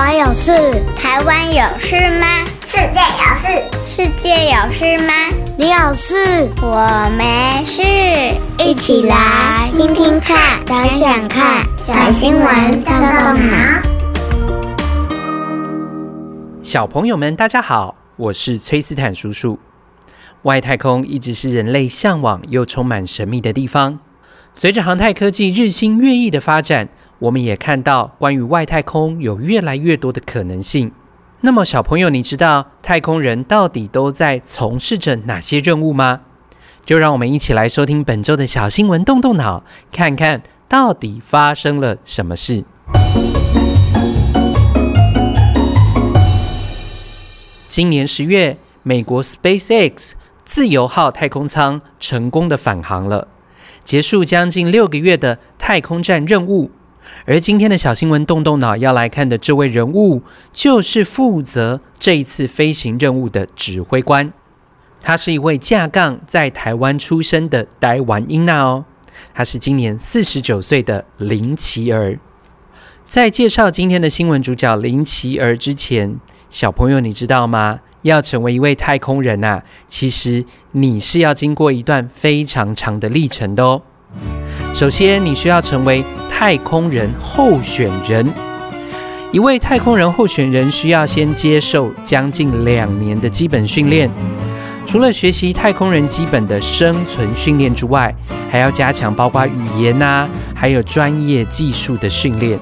我有事，台灣有事嗎？世界有事，世界有事嗎？你有事，我沒事。一起來聽聽看，想想看，小新聞動動腦。小朋友們，大家好，我是崔斯坦叔叔。外太空一直是人類嚮往又充滿神秘的地方。隨着航太科技日新月異的發展，我們也看到，關於外太空有越來越多的可能性。那麼，小朋友，你知道太空人到底都在從事着哪些任務嗎？就讓我們一起來收聽本周的小新聞，動動腦，看看到底發生了什麼事。今年十月，美國 SpaceX 自由號太空艙成功的返航了，結束將近六個月的太空站任務。而今天的小新聞，動動腦要來看的這位人物，就是負責這一次飛行任務的指揮官。他是一位正港在台灣出生的台灣囝仔哦，他是今年四十九歲的林奇兒。在介紹今天的新聞主角林奇兒之前，小朋友，你知道嗎？要成為一位太空人吶、啊，其實你是要經過一段非常長的歷程的哦。首先，你需要成為太空人候選人。一位太空人候選人需要先接受將近兩年的基本訓練，除了學習太空人基本的生存訓練之外，還要加強包括語言啊，還有專業技術的訓練。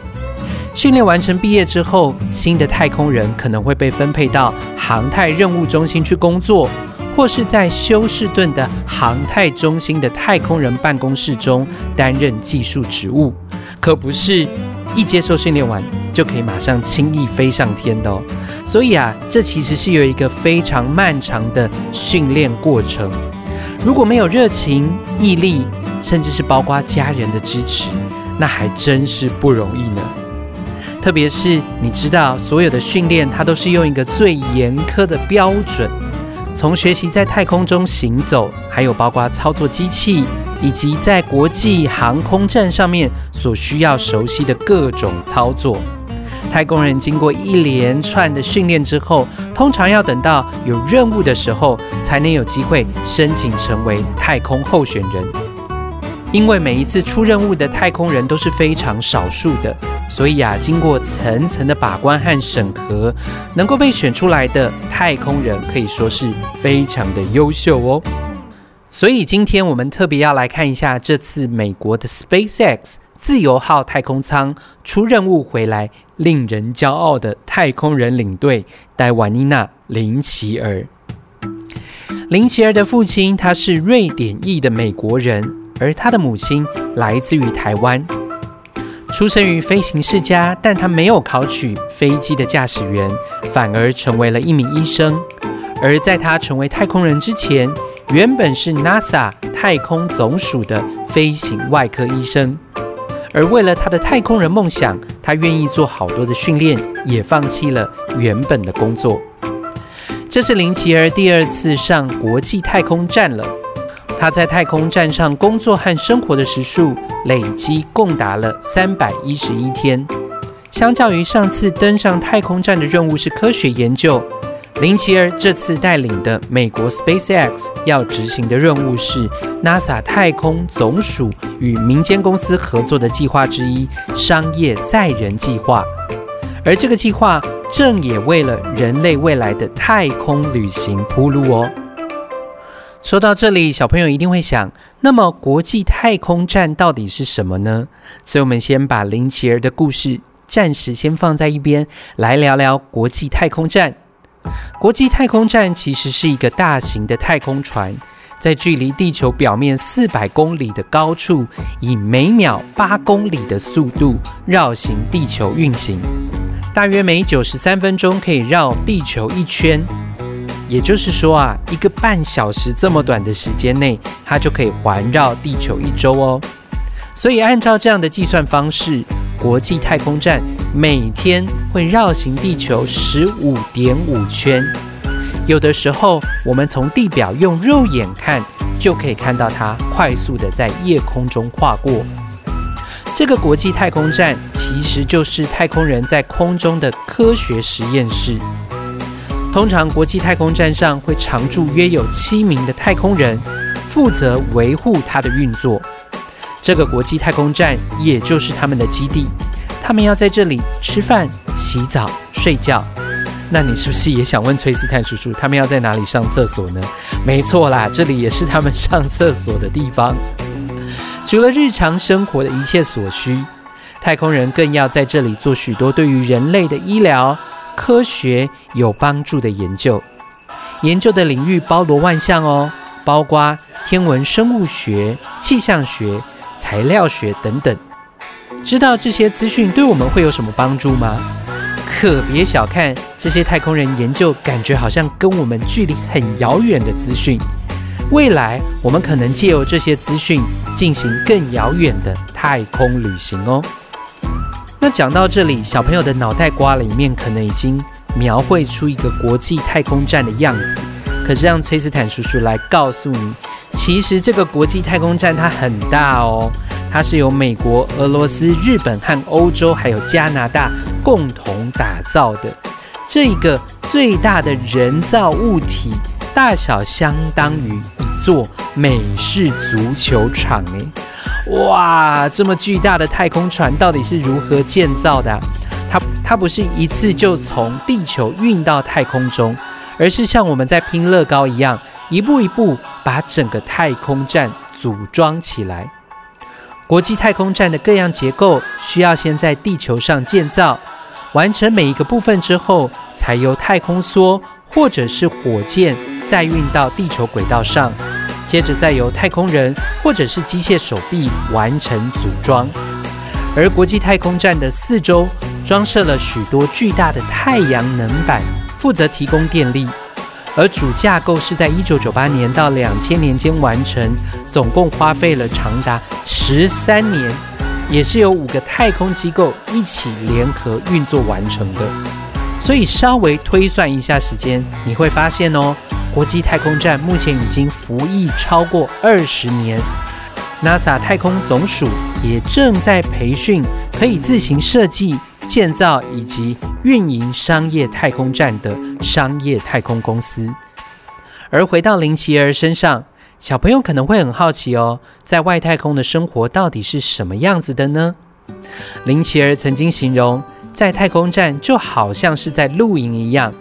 訓練完成畢業之後，新的太空人可能會被分配到航太任務中心去工作。或是在休士頓的航太中心的太空人辦公室中擔任技術職務，可不是一接受訓練完就可以馬上輕易飛上天的哦。所以啊，這其實是有一個非常漫長的訓練過程。如果沒有熱情、毅力，甚至是包括家人的支持，那還真是不容易呢。特別是你知道，所有的訓練它都是用一個最嚴苛的標準。從學習在太空中行走，還有包括操作機器，以及在國際航空站上面所需要熟悉的各種操作，太空人經過一連串的訓練之後，通常要等到有任務的時候，才能有機會申請成為太空候選人。因為每一次出任務的太空人都是非常少數的，所以啊，經過層層的把關和審核，能夠被選出來的太空人可以說是非常的優秀哦。所以今天我們特別要來看一下這次美國的 SpaceX 自由號太空艙出任務回來，令人驕傲的太空人領隊戴瓦妮娜林奇爾。林奇爾的父親他是瑞典裔的美國人。而他的母親來自於台灣，出生於飛行世家，但他沒有考取飛機的駕駛員，反而成為了一名醫生。而在他成為太空人之前，原本是 NASA 太空總署的飛行外科醫生。而為了他的太空人夢想，他願意做好多的訓練，也放棄了原本的工作。這是林奇兒第二次上國際太空站了。他在太空站上工作和生活的時數累計共達了三百一十一天。相較於上次登上太空站的任務是科學研究，林奇爾這次帶領的美國 SpaceX 要執行的任務是 NASA 太空總署與民間公司合作的計劃之一——商業載人計劃。而這個計劃正也為了人類未來的太空旅行鋪路哦。說到這裡，小朋友一定會想，那麼國際太空站到底是什麼呢？所以，我們先把林奇兒的故事暫時先放在一邊，來聊聊國際太空站。國際太空站其實是一個大型的太空船，在距離地球表面四百公里的高處，以每秒八公里的速度繞行地球運行，大約每九十三分鐘可以繞地球一圈。也就是說啊，一個半小時這麼短的時間內，它就可以環繞地球一周哦。所以，按照這樣的計算方式，國際太空站每天會繞行地球十五點五圈。有的時候，我們從地表用肉眼看，就可以看到它快速的在夜空中跨過。這個國際太空站其實就是太空人在空中的科學實驗室。通常國際太空站上會常駐約有七名的太空人，負責維護它的運作。這個國際太空站也就是他們的基地，他們要在這裡吃飯、洗澡、睡覺。那你是不是也想問崔斯坦叔叔，他們要在哪裡上廁所呢？沒錯啦，這裡也是他們上廁所的地方。除了日常生活的一切所需，太空人更要在這裡做許多對於人類的醫療科學有幫助的研究，研究的領域包羅萬象哦，包括天文、生物學、氣象學、材料學等等。知道這些資訊對我們會有什麼幫助嗎？可別小看這些太空人研究，感覺好像跟我們距離很遙遠的資訊。未來我們可能借由這些資訊進行更遙遠的太空旅行哦。那講到這裡，小朋友的腦袋瓜裡面可能已經描繪出一個國際太空站的樣子。可是讓崔斯坦叔叔來告訴你,其實這個國際太空站它很大哦,它是由美國、俄羅斯、日本和歐洲,還有加拿大共同打造的。這一個最大的人造物體，大小相當於一座美式足球場誒。哇，這麼巨大的太空船到底是如何建造的啊？它它不是一次就從地球運到太空中，而是像我們在拼樂高一樣，一步一步把整個太空站組裝起來。國際太空站的各樣結構需要先在地球上建造，完成每一個部分之後，才由太空梭或者是火箭再運到地球軌道上。接着再由太空人或者是機械手臂完成組裝，而國際太空站的四周裝設了許多巨大的太陽能板，負責提供電力。而主架構是在一九九八年到兩千年間完成，總共花費了長達十三年，也是由五個太空機構一起聯合運作完成的。所以稍微推算一下時間，你會發現哦。國際太空站目前已經服役超過二十年。NASA 太空總署也正在培訓可以自行設計、建造以及運營商業太空站的商業太空公司。而回到林琪兒身上，小朋友可能會很好奇哦，在外太空的生活到底是什麼樣子的呢？林琪兒曾經形容，在太空站就好像是在露營一樣。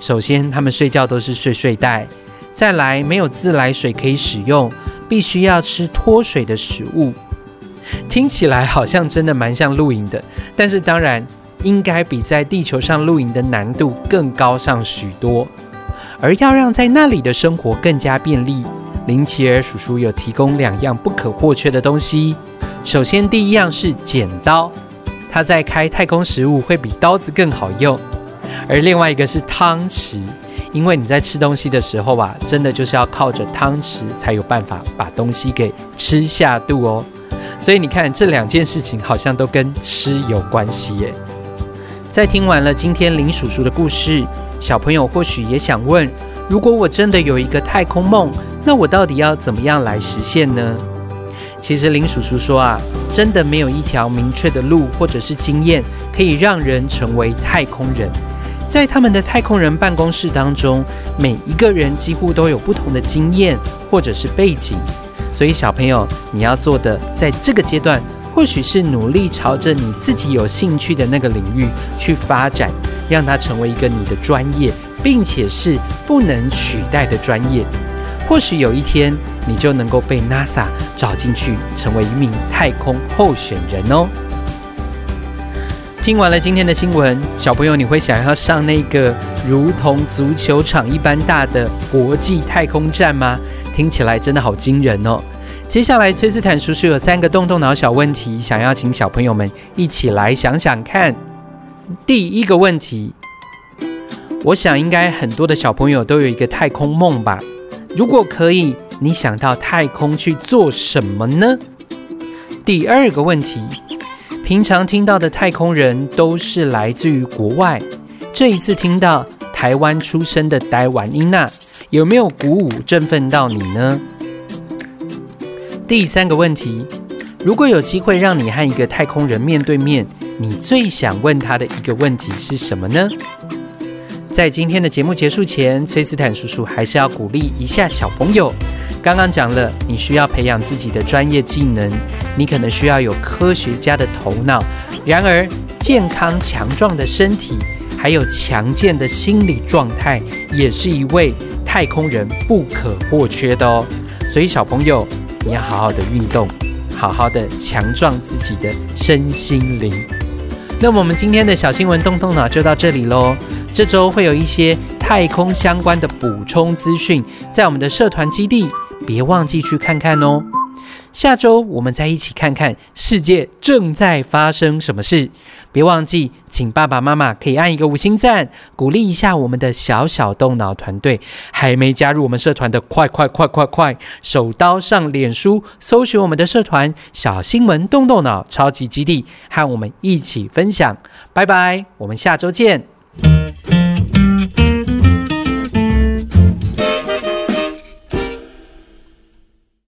首先，他們睡覺都是睡睡袋；再來，沒有自來水可以使用，必須要吃脫水的食物。聽起來好像真的蠻像露營的，但是當然應該比在地球上露營的難度更高上許多。而要讓在那裡的生活更加便利，林奇爾叔叔有提供兩樣不可或缺的東西。首先，第一樣是剪刀，他在開太空食物會比刀子更好用。而另外一個是湯匙，因為你在吃東西的時候啊，真的就是要靠着湯匙才有辦法把東西給吃下肚哦。所以你看，這兩件事情好像都跟吃有關係耶。在聽完了今天林叔叔的故事，小朋友或許也想問：如果我真的有一個太空夢，那我到底要怎麼樣來實現呢？其實林叔叔說啊，真的沒有一條明確的路或者是經驗可以讓人成為太空人。在他們的太空人辦公室當中，每一個人幾乎都有不同的經驗或者是背景，所以小朋友，你要做的，在這個階段，或許是努力朝着你自己有興趣的那個領域去發展，讓它成為一個你的專業，並且是不能取代的專業。或許有一天，你就能夠被 NASA 找進去，成為一名太空候選人哦。聽完了今天的新聞，小朋友，你會想要上那個如同足球場一般大的國際太空站嗎？聽起來真的好驚人哦！接下來，崔斯坦叔叔有三個動動腦小問題，想要請小朋友們一起來想想看。第一個問題，我想應該很多的小朋友都有一個太空夢吧？如果可以，你想到太空去做什麼呢？第二個問題，平常聽到的太空人都是來自於國外，這一次聽到台灣出生的戴玩英娜，有沒有鼓舞振奮到你呢？第三個問題，如果有機會讓你和一個太空人面對面，你最想問他的一個問題是什麼呢？在今天的節目結束前，崔斯坦叔叔還是要鼓勵一下小朋友。剛剛講了，你需要培養自己的專業技能，你可能需要有科學家的頭腦。然而，健康強壯的身體還有強健的心理狀態，也是一位太空人不可或缺的哦。所以，小朋友，你要好好的運動，好好的強壯自己的身心靈。那麼我們今天的小新聞，動動腦就到這裡嘍。這周會有一些太空相關的補充資訊，在我們的社團基地。別忘記去看看哦！下週我們再一起看看世界正在發生什麼事。別忘記，請爸爸媽媽可以按一個五星讚，鼓勵一下我們的小小動腦團隊。還沒加入我們社團的，快快快快快，手刀上臉書，搜尋我們的社團“小新聞動動腦超級基地”，和我們一起分享。拜拜，我們下週見。